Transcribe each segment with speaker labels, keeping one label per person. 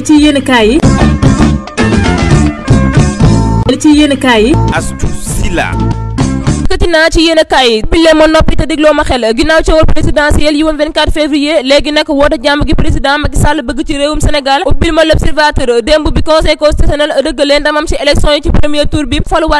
Speaker 1: li ci yenn kaay yi. li ci yenn kaay yi.
Speaker 2: Astou Sylla
Speaker 1: naa ci ma noppi te dégloo ma xel ginnaaw coowal présidentiel yi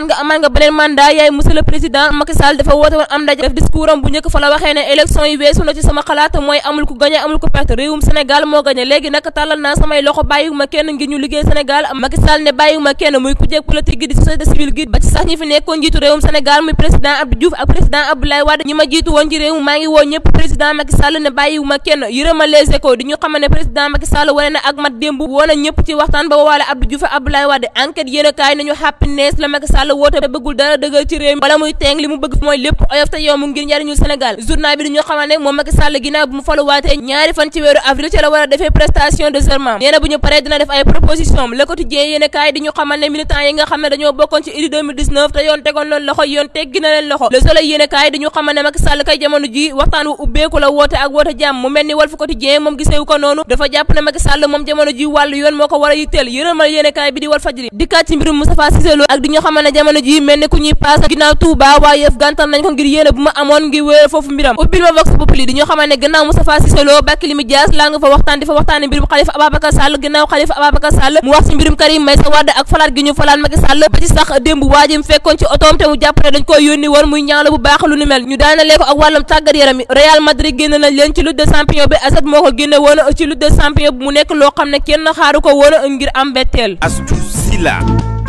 Speaker 1: nga amaat nga beneen mandat yaay monsieur président Macky dafa woote woon am ndaje def discours bu njëkk fa la waxee ne élection yi weesu na ci sama xalaat mooy amul ku gañe amul ku perte réewum Sénégal moo gañe léegi nag tàllal naa samay loxo bàyyiwuma kenn ngir ñu liggéey Sénégal Macky Sall ne bàyyiwuma kenn muy ku jeeg politique gi di société civile gi ba ci sax ñi fi nekkoon njiitu réewum Sénégal muy président Abdou Diouf ak président Abdoulaye Wade ñi ma jiitu woon ci réew mi maa ngi woo ñëpp président Macky Sall ne bàyyiwu ma kenn yërëma Les di ñu xamal ne président Macky Sall wane a mu bëgg mooy ñaari fan ci weeru avril ci la war a defee prestation de serment nee ñu paree dina def ay proposition Le Quotidien yéen a kaay di ñu xamal ne militants yi nga xam ne dañoo bokkoon ci idi 2019 te yoon tegoon loolu loxo yoon teggi na loxo le soleil yéenekaay dañu xamal ne Macky Sall kay jamono ji waxtaan wu ubbeeku la woote ak woote jàmm mu mel ni Walf Quotidien moom gisewu ko noonu dafa jàpp ne Macky Sall a mu wax ci mbirum Karim Meïssa Wade ak falaat gi ñu falaat Macky Sall ba ci sax démb waajim fekkoon ci otoom te mu jàpp ne dañ koy yónni woon kon muy ñaawlu bu baax lu ni mel ñu daanalee ko ak wàllum tàggat yaram yi Real Madrid génn nañ leen ci Ligue des champions bi AS moo ko génne woon ci Ligue des champions bi mu nekk loo xam ne kenn xaaru ko woon ngir am betteel Astou